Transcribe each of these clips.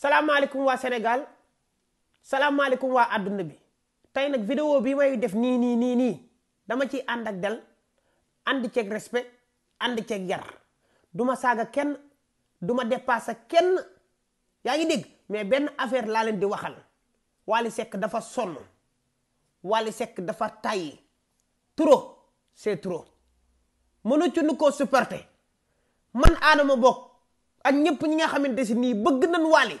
salaamaaleykum waa Sénégal salaamaaleykum waa àdduna bi tey nag vidéo bi may def nii nii nii nii dama ci ànd ak del ànd ceeg respect ànd ceeg yar duma saaga kenn duma dépasser kenn yaa ngi dégg mais benn affaire laa leen di waxal Wally sekk dafa sonn Wally sekk dafa tàyyi trop c'est trop mënatuñu koo supporter man aadama bokk ak ñëpp ñi nga xamante si nii bëgg nañ Wally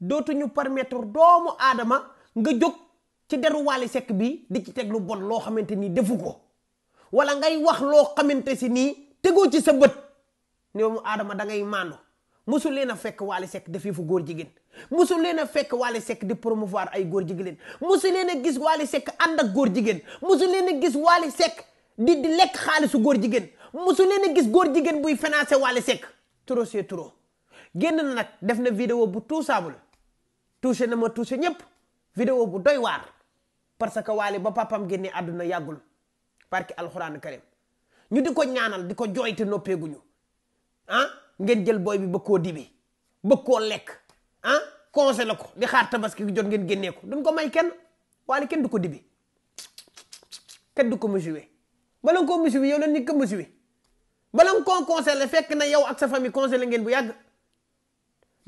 dootuñu permettre doomu aadama nga jóg ci deru Wally Seck bi di ci teg lu bon loo xamante ni defu ko wala ngay wax loo xamante si nii tegoo ci sa bët doomu aadama da ngay maandu mosul leen a fekk Wally Seck def yëfu góor jigéen mosul leen a fekk Wally Seck di promouvoir ay góor jigéen mosul leen a gis Wally Seck ànd ak góor jigéen mosul leen a gis Wally Seck di di lekk xaalisu góor jigéen mosul leen a gis góor jigéen buy financé Wally Seck trop c'est génn na nag def na vidéo bu tout saabul touché na ma touché ñëpp vidéo bu doy waar parce que Wally ba papam génne àdduna yàggul que alxuraan karim ñu di ko ñaanal di ko jooyte noppeeguñu ah ngeen jël booy bi ba koo dibi ba koo lekk ah conseil ko di xaar tabaski jot ngeen génnee ko duñ ko may kenn Wally kenn du ko dibi kenn du ko musuwee bala nga koo musuwee yow la nit ko musuwee bala nga koo conseillé fekk na yow ak sa famille conseillé ngeen bu yàgg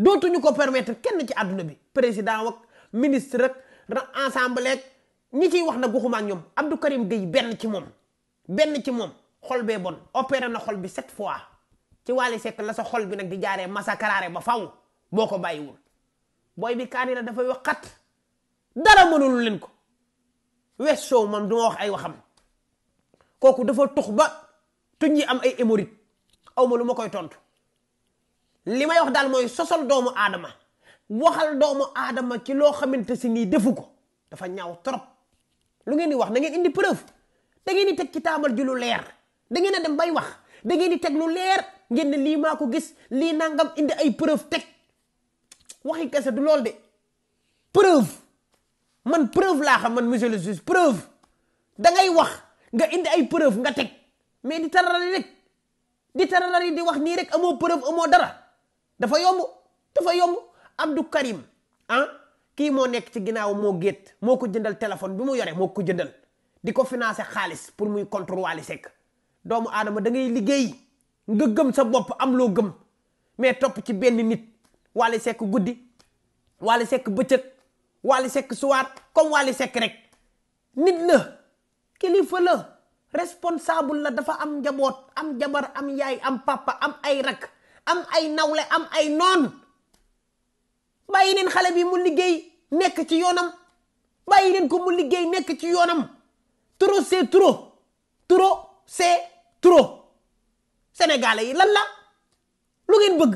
dootuñu ko permettre kenn ci àdduna bi président wak ministre rek ensemble ak ñi ciy wax nag waxuma ak ñoom Abdou Karim Gueye benn ci moom benn ci moom xol bee bon opéré na xol bi sept fois ci Wally Seck la sa xol bi nag di jaaree masakaraare ba faw boo ko bàyyiwul booy bi kaani la dafay wax xat dara mënul leen ko wees soow moom du wax ay waxam kooku dafa tux ba tuñ yi am ay hémorroïdes awma lu ma koy tontu. li may wax daal mooy sosal doomu aadama waxal doomu aadama ci loo xamante si nii defu ko dafa ñaaw trop lu ngeen di wax da ngeen indi preuve da ngeen di teg ci taabal ji lu leer da ngeen dem bay wax da di teg lu leer ngeen ne lii maa ko gis lii nangam indi ay preuve teg waxi kese du lool de preuve man preuve laa xam man monsieur le juge da ngay wax nga indi ay preuve nga teg mais di taralari rek di taralari di wax nii rek amoo preuve amoo dara dafa yomb dafa yomb Abdou Karim ah kii moo nekk ci ginnaaw moo gétt moo ko jëndal téléphone bi mu yore moo ko jëndal di ko financé xaalis pour muy contre Wally Seck doomu aadama da ngay liggéey nga gëm sa bopp am loo gëm mais topp ci benn nit Wally Seck guddi Wally Seck bëccëg Wally Seck soir comme Wally Seck rek nit la kilifa la responsable la dafa am njaboot am jabar am yaay am papa am ay rak am ay nawle am ay noon bàyyi leen xale bi mu liggéey nekk ci yoonam bàyyi leen ko mu liggéey nekk ci yoonam trop c'est turo trop c'est trop sénégalais yi lan la lu ngeen bëgg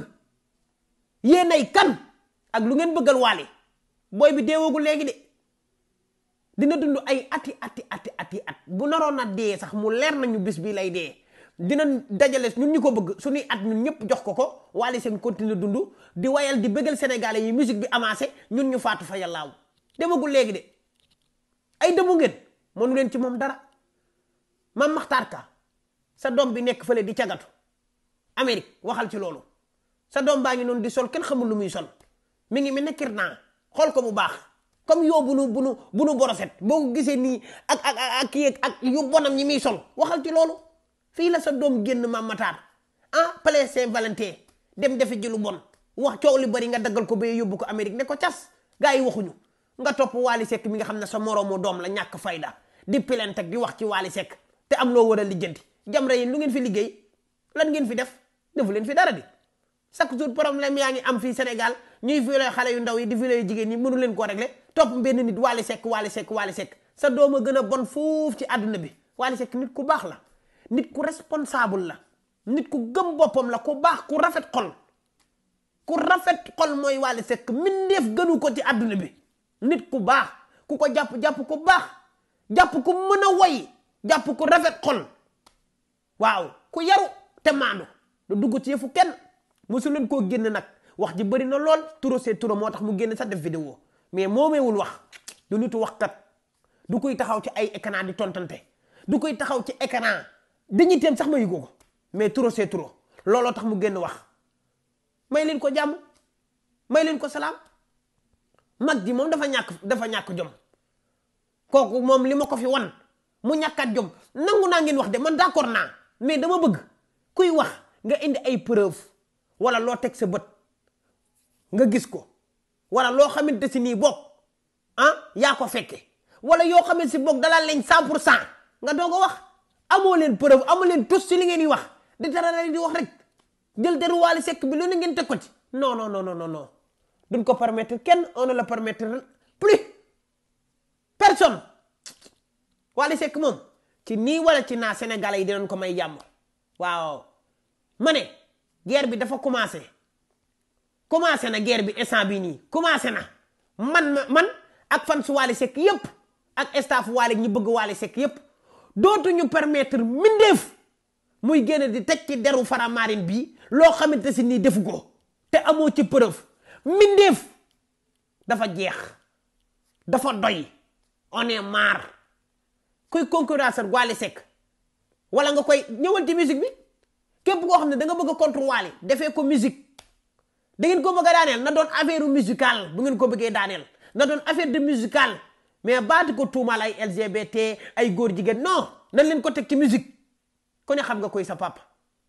yéen ay kan ak lu ngeen bëggal waale booy bi deewoogu léegi de dina dund ay ati ati ati ati at bu naroon na dee sax mu leer nañu bis bi lay dee dinañ dajale ñun ñi ko bëgg suñuy at ñun ñëpp jox ko ko waale seen continuer dund di wayal di bëggal sénégalais yi musique bi avancé ñun ñu faatu fa yàllaaw demagul léegi de ay demu ngeen mënu leen ci moom dara man maxtaar ka sa doom bi nekk fële di cagatu Amérique waxal ci loolu sa doom baa ngi noonu di sol kenn xamul lu muy sol mi ngi mel ne kirnaa xool ko bu baax comme yoo bu nu bu nu bu nu boroset boo ko gisee nii ak ak ak kii ak yu bonam ñi muy sol waxal ci loolu fii la sa doom génn maam Matar ah palais Saint-Valentin dem defe ji lu bon wax coow li bari nga daggal ko ba yóbbu ko Amérique ne ko cas gaa yi waxuñu nga topp Waly sekk mi nga xam ne sa moroomu doom la ñàkk fayda di pilente wax ci Waly Seck te am loo war a yi lu ngeen fi liggéey lan ngeen fi def defu leen fi dara di chaque jour problème yaa ngi am fii Sénégal ñuy violé xale yu ndaw yi di violé jigéen ñi mënu leen koo régler topp benn nit Waly Seck Waly Seck Waly Seck sa doom a gën a bon foofu ci àdduna bi Waly sekk nit ku baax la nit ku responsable la nit ku gëm boppam la ku baax ku rafet xol ku rafet xol mooy Wally Seck mindeef gënu ko ci àdduna bi nit ku baax ku ko jàpp jàpp ku baax jàpp ku mën a woy jàpp ku rafet xol waaw ku yaru te maandu du dugg ci yëfu kenn mosu leen koo génn nag wax ji bëri na lool turo see turo moo tax mu génn sax def vidéo mais moomeewul wax du nitu waxkat du koy taxaw ci ay écran di tontante du koy taxaw ci écran dañuy teem sax ma yëgoo ko mais trop c'est trop looloo tax mu génn wax may leen ko jàmm may leen ko salaam mag ji moom dafa ñàkk dafa ñàkk jom kooku moom li ma ko fi wan mu ñàkkaat jom nangu naa ngeen wax de man d'accord naa mais dama bëgg kuy wax nga indi ay preuve wala loo teg sa bët nga gis ko walla loo xamante si nii boog ah yaa ko fekke wala yoo xamante si boog dalal lañ cent pour cent nga doo ko wax amoo leen preuve amoo leen tos ci li ngeen di wax di dara la di wax rek jël deru Wally Seck bi loolu ngeen teg ko ci non non non non non duñ ko permettre kenn on ne la permettre plus personne Wally sekk moom ci nii wala ci naa Sénégalais yi dinañ ko may jàmm waaw ma ne guerre bi dafa commencé commencé na guerre bi instant bi nii commencé na man man ak fan su Wally Seck yëpp ak staff Wally ñi bëgg Wally sekk yëpp. dootuñu permettre mbindeef muy génne di teg ci deru faramarin bii loo xamante si nii defu ko te amoo ci preuve mbindeef dafa jeex dafa doy on est marre kuy concurrence ak Wally Seck wala nga koy ñëwal ci musique bi képp koo xam ne danga nga bëgg a contre defee ko musique da ngeen ko bëgg a daaneel na doon affaire musicale bu ngeen ko bëggee daaneel na doon affaire de musicale mais baat ko tuumaal ay LGBT ay góor jigéen non nan leen ko teg ci musique ku ne xam nga koy sa papa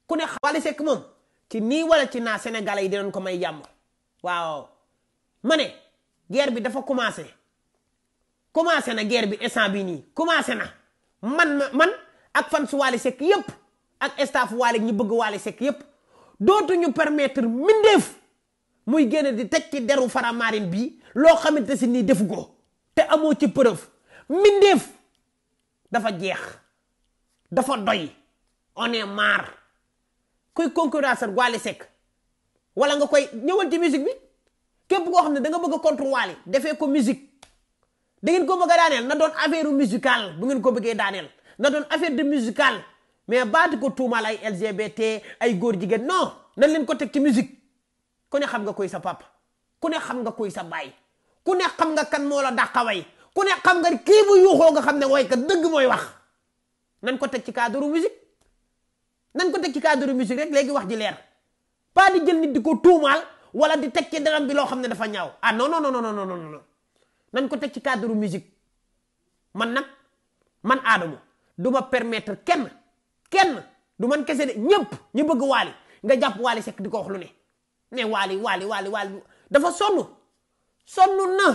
ku ne Wally Seck moom ci nii wala ci naa Sénégalais yi dinañ ko may jàmm waaw ma ne guerre bi dafa commencé commencé na guerre bi instant bi nii commencé na man man ak fan su Wally Seck yépp ak staff Wally ñu bëgg Wally Seck yépp dootuñu permettre mindeef muy génn di teg ci deru faramarine bi loo xamante si nii defu ko te amoo ci preuve mbindeef dafa jeex dafa doy on est marre kuy concurrence ak Wally Seck wala nga koy ñëwal ci musique bi képp koo xam ne danga bëgg a contre Wally defee ko musique da ngeen ko bëgg a na doon affaire musicale bu ngeen ko bëggee daaneel na doon affaire de musicale mais baatu ko tuumaal ay LGBT ay góor jigéen non nan leen ko teg ci musique ku ne xam nga koy sa pàpp ku ne xam nga koy sa baay ku ne xam nga kan moo la a way ku nekk xam nga kii bu yuuxoo nga xam ne way ka dëgg mooy wax nan ko teg ci cadre musique nan ko teg ci cadre musique rek léegi wax ji leer pas di jël nit di ko tuumaal wala di teg ci daram bi loo xam ne dafa ñaaw ah non non non non ko teg ci cadre musique man nag man Adamo du ma permettre kenn kenn du man kese de ñëpp ñu bëgg waali nga jàpp waali sekk di ko wax lu ne mais waali waali waali waali dafa sonn sonn na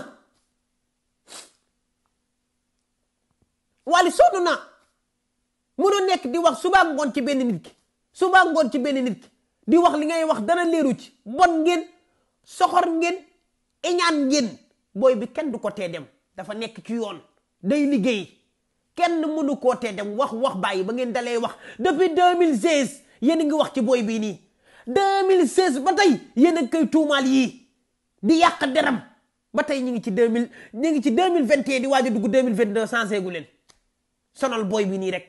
Wally sonn na mënoo nekk di wax suba ngoon ci benn nit ki suba ngoon ci benn nit ki di wax li ngay wax dana leeru ci bon ngeen soxor ngeen iñaan ngeen booy bi kenn du ko te dem dafa nekk ci yoon day liggéey kenn mënu koo tee dem wax wax bàyyi ba ngeen dalee wax depuis 2016 yéen a ngi wax ci booy bii nii 2016 ba tey yéen a ngi koy tuumaal yii di yàq deram ba tey ñu ngi ci deux mille ñu ngi ci deux mille vingt et di waaj a dugg deux mille vingt deux gu leen sonal booy bi nii rek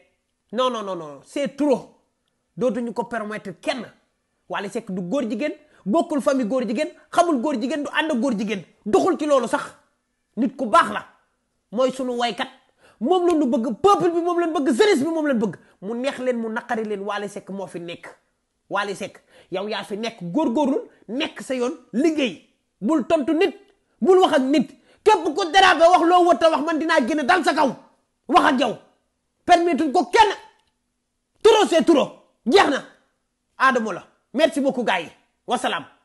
non non non non c'est trop dootuñu ko permettre kenn Wally Seck du góor jigéen bokkul famille góor jigéen xamul góor jigéen du ànd góor jigéen doxul ci loolu sax nit ku baax la mooy sunu waykat moom la ñu bëgg peuple bi moom leen bëgg jeunesse bi moom leen bëgg mu neex leen mu naqari leen Wally Seck moo fi nekk Wally Seck yow yaa fi nekk góor góorgóorlu nekk sa yoon liggéey bul wax ak nit képp ku dérapé wax loo wëtt wax man dinaa génn dal sa kaw wax ak yow permettre ko kenn trop c'est trop jeex na Adamo la merci beaucoup gars yi wasalaam